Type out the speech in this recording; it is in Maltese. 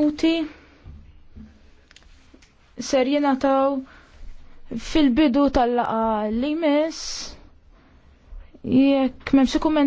Uti ser jenataw fil-bidu tal-laqa li mis jekk memxie